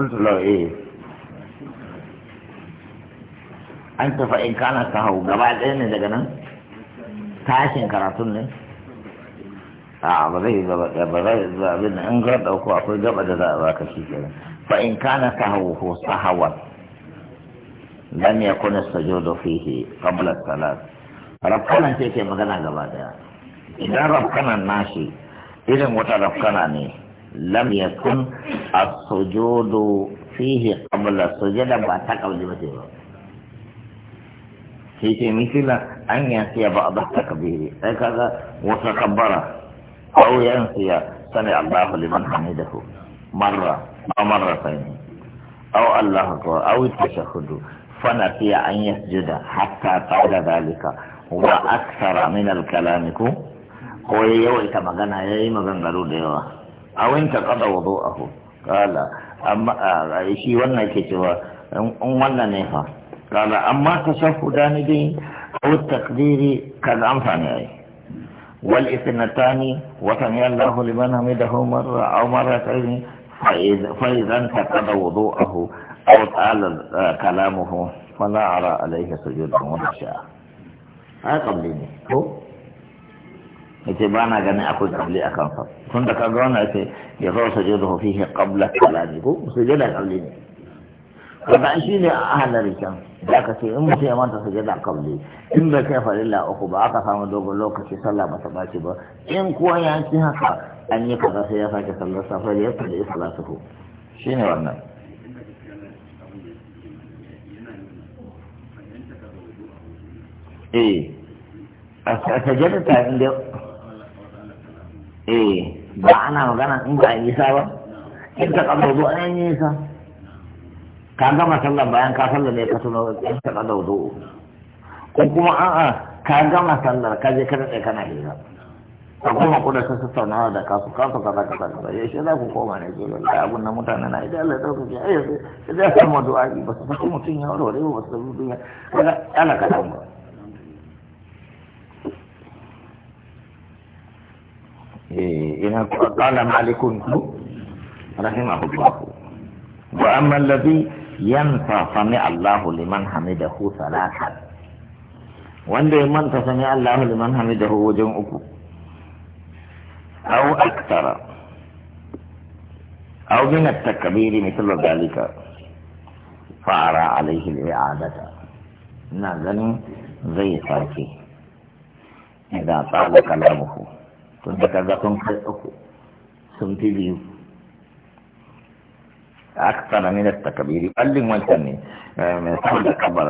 قلت له ايه أنت فإن كانت تهو قبعد إيه ندقنا تاشن كراتون ليه ba zai ba zai in dauko akwai gaba da za a baka fa in sujudu fihi qabla salat ce ke magana gaba daya idan nashi irin wata rafkana ne لم يكن السجود فيه قبل السجود بعد قبل بتيرا في مثل أن ينسي بعض التكبير هكذا وتكبر أو ينسي سمع الله لمن حمده مرة أو مرتين أو الله أكبر أو التشهد فنسي أن يسجد حتى قبل ذلك وأكثر من الكلام كو هو يوئك مغنى يا مغنى أو انتقض وضوءه قال أما آه، ولا كتوى أم ولا نيفا قال أما تشهدان به أو التقدير قد أنفعني والإثنتان وسمع الله لمن حمده مرة أو مرتين فإذا, فإذا انتقض وضوءه أو تعالى آه، كلامه فلا أرى عليه سجود ولا شاء هذا قبلني هو ce ba na ganin akwai kabli a kansa tun da kaga wannan ce ya zo su je da ya qabla kalami ko su je da kabli ne an shi ne a halari can da ka ce in mutum ya manta su je da kabli in bai kai farilla uku ba aka samu dogon lokaci sallah ba ta ɓaci ba in kuwa ya ci haka an yi kaza sai ya sake sallar safar ya fara yi salatu shi ne wannan eh a sajadata inda eh ba ana magana in ba a yi nisa ba in ta kada wudu an yi nisa ka gama sallar bayan ka sallar ne ka suna in ta kada wudu ko kuma a'a ka gama sallar ka je ka daɗe kana hira ka koma kuna ta tattaunawa da kasu kasu ka kaza kaza ya shi za ku koma ne ke lalata abin na mutane na idan Allah ya ɗauka ya yi sai da samu du'a ba su fashi mutum ya warware ba su fashi mutum ya kaga ana kaɗan ba Eh, ina kala malikun ku rahimahullahu wa amma alladhi yanfa sami allahu liman hamidahu salatan wanda ya manta sami allahu liman hamidahu wajen uku aw aktara aw min at-takbir mithla dhalika fa ara alayhi al-i'adata ina ganin zai sake idan tsawo kalamuhu tun da kaga sun kai uku sun fi biyu aksara min at-takbiri ɓallin wancan ne eh, mai samun da kabar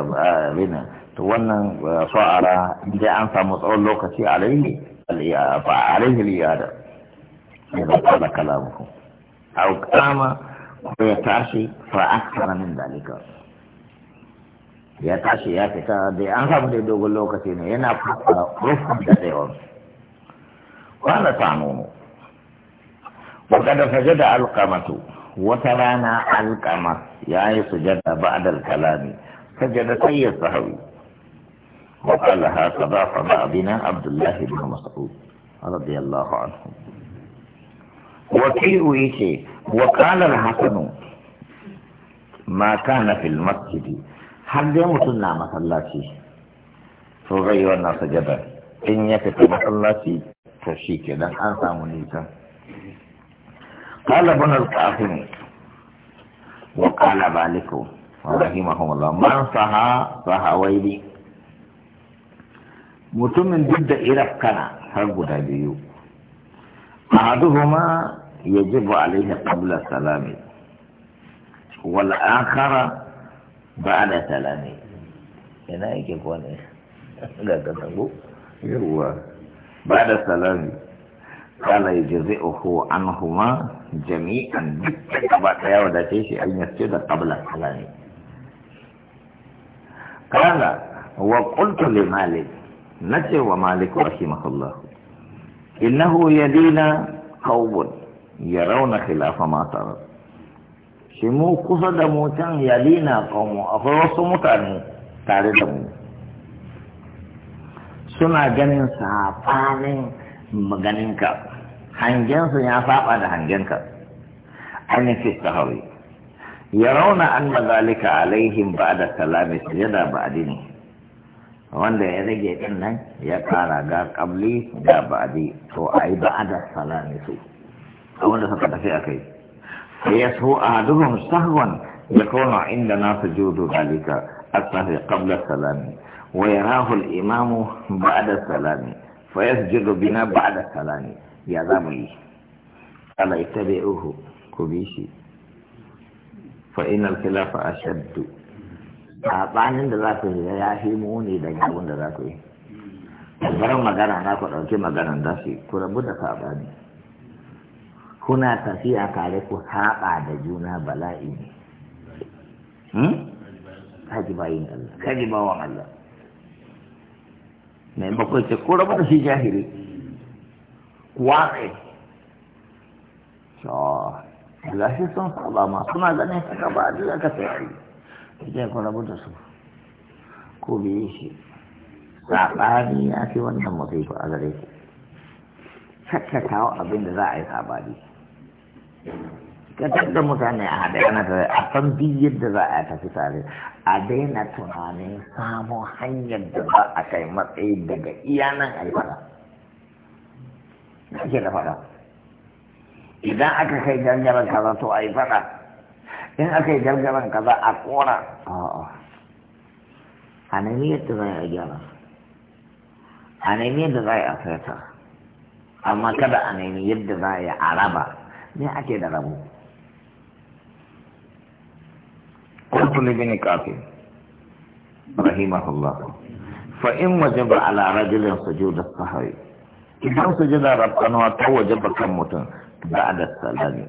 rina eh, to wannan eh, su'ara inda an samu tsawon lokaci a ya fa ya liyada ta kala kalamuhu A qama ko ya tashi fa aksara min dalika ya tashi ya fita da an samu da dogon lokaci ne yana fara rufin da tsayawarsu قال تعنون وقد سجد القمة وترانا القمة يعني سجد بعد الكلام سجد سيد الصحوي وقال هكذا فما بنا عبد الله بن مسعود رضي الله عنه وكيء يشي وقال الحسن ما كان في المسجد هل يمتنا فغير فغيرنا سجدا إن يكتب مسلاتي فشي كده حافة مليسة قال ابن القاسم وقال مالك رحمه الله من صحى صحى ويلي متمن ضد إرف كان حق نبيو أحدهما يجب عليه قبل السلام والآخر بعد سلامه هنا يجب عليه لا تنبو يروى bada salami kala ya jaze uku an huma jami'an dukkan gaba daya wadace shi an yi ce da kala wa kuntu li malik na ce wa malik wa shi mahallah innahu ya dina kawbun ya rauna khilafa matar shi mu kusa da mutum ya dina kawmu akwai wasu mutane tare da mu suna ganin saɓanin maganinka hangensu ya saba da hangenka ainihin sahawi ya rauna an mazalika alaihim ba da salami sujada ba adini wanda ya rage din nan ya kara ga kabli da ba'adi to a yi ba da salami su a wanda suka tafi a kai sai ya so a duhun sahwan ya kona inda na su judu dalika a sahi kabla salami ويراه الإمام بعد السلام فيسجد بنا بعد السلام يا ذامي ألا يتبعوه كبيشي فإن الخلاف أشد saɓanin da za ku yi ya fi mu da abin da za ku yi tabbarin magana na ku maganan da su ku rabu da saɓani kuna tafiya tare ku haɓa da juna bala'i ne hmm? kaji bayin Allah Allah mai bakwai ce ko rabu da shi jahili waƙe ga shi sun saba ma suna ganin haka ba a ka aka sai yi idan ku rabu da su ko biye shi saɓani ya fi wannan masifa a gare shi kawo abin da za a yi saɓani ka tattar mutane a haɗe ana a san duk yadda za a tafi tare a daina tunanin samo hanyar da za a kai matsayi daga iya nan a yi fada ake da fada idan aka kai gangaren kaza to a yi fada in aka yi gangaren kaza a kora a nemi yadda za a gyara a nemi yadda za a saita amma kada a nemi yadda za a araba, a raba ne ake da rabu المطلب بن رحمه الله فإن وجب على رجل سجود الصحوي إذا سجد ربنا وجب كم بعد السلام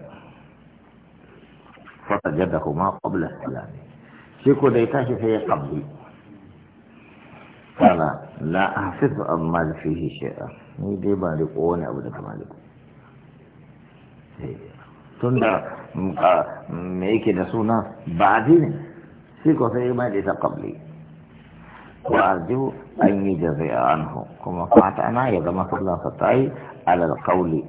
فسجدهما قبل السلام شيكو ديتاش في قبلي قال لا أحفظ أمال فيه شيئا ni dai ba da kowane abu daga maliku tun mm, في كثير ما ليس قبلي وأرجو أن يجزي عنه كما قعت أنا يضم الله فتعي على القول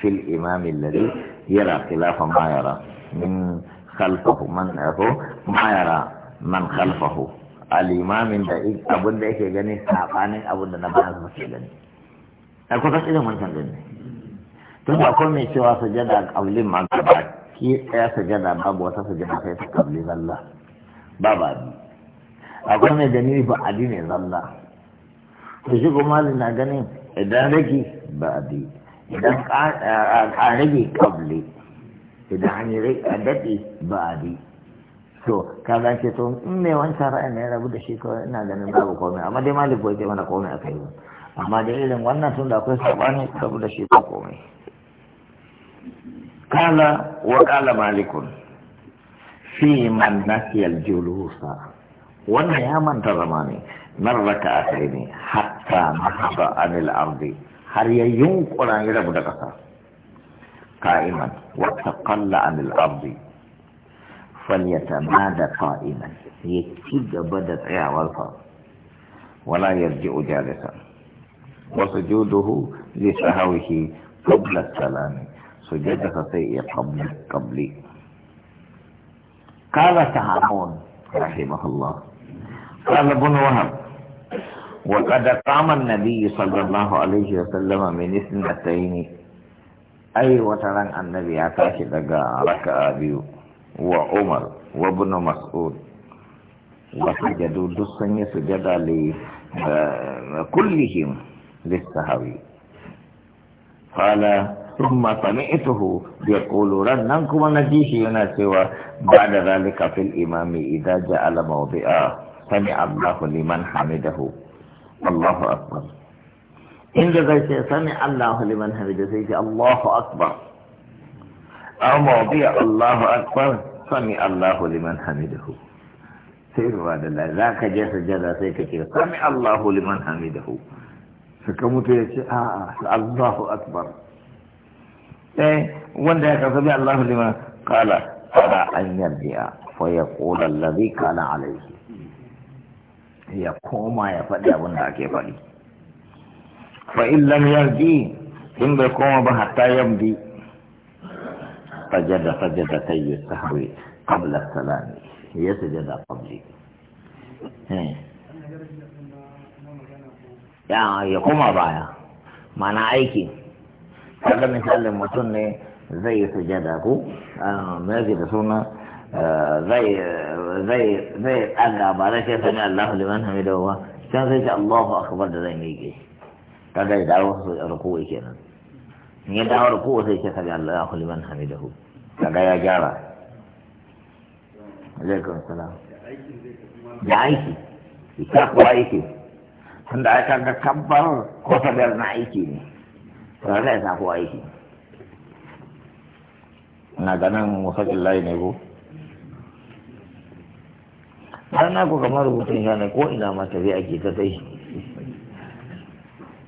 في الإمام الذي يرى خلاف ما يرى من خلفه من أهو ما يرى من خلفه الإمام دائق أبو دائق يجني ساقاني أبو دنباز مسئلني أكو تسئل من سنجني ثم أقول من سوى سجد أقلي ما قبعك كي أسجد أبو وتسجد أخيط قبلي بالله ba ba bi akwai mai gani ba adi ne zalla to shi kuma na ganin idan rage ba adi idan a rage kable idan an yi daɗe ba adi to ka ga ce to in mai wancan ra'ayi ya rabu da shi kawai ina ganin babu komai amma dai malik bai ce mana komai a kai ba amma da irin wannan tun da akwai sabani rabu da shi ba komai kala wa kala malikun في من نسي الجلوس ونعم انت من من ركعتين حتى نهض عن الارض هل ينقل عن يرب دقصة قائما وتقل عن الارض فليتمادى قائما يكيد بدت يا والفا ولا يرجع جالسا وسجوده لسهوه قبل السلام سجد فسيء قبل قبلي قال تعالون رحمه الله قال ابن وهب وقد قام النبي صلى الله عليه وسلم من اثنتين أي وترن النبي أتاش دقا ركع ابي وعمر وابن مسعود وسجدوا دسن سجد لكلهم آه، للسهوي قال ثم سمعته يقول رنكم نجيه يناسوا بعد ذلك في الإمام إذا جعل موضعا سمع الله لمن حمده الله أكبر إن ذلك سمع الله لمن حمده سيجي الله أكبر أو موضع الله أكبر سمع الله لمن حمده سير بعد الله ذاك جس جدا سيكتير سمع الله لمن حمده فكمت يقول آه الله أكبر eh wanda ya kasabi Allah liman qala fara an yarji'a fa yaqul alladhi kana alayhi ya koma ya faɗi abin da ake faɗi fa in lam yarji in bai koma ba hatta yamdi sajada sajada ta yi sahwi qabla salami ya sajada qabli ya ya koma baya mana aiki kaga misalin mutum ne zai yi sujada ko ah, mai da suna ah, zai zai tsaga ba zai ce sami Allahu liman hamidahu ba can sai ce Allahu akbar da zai miƙe kaga ya dawo su rukuwa kenan in ya dawo rukuwa sai ce sami Allahu liman hamidahu kaga ya gyara alaikum salam da aiki ita kuwa aiki tunda aka ga kabbar ko sabar na aiki ne kaga ya ko aiki na ganin musakin layi ne ko har na ku kamar rubutun sha ne ko ina ma tafi ake ta sai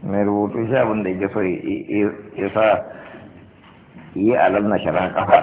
mai rubutun sha abin da ya ya sa yi alam na shara kafa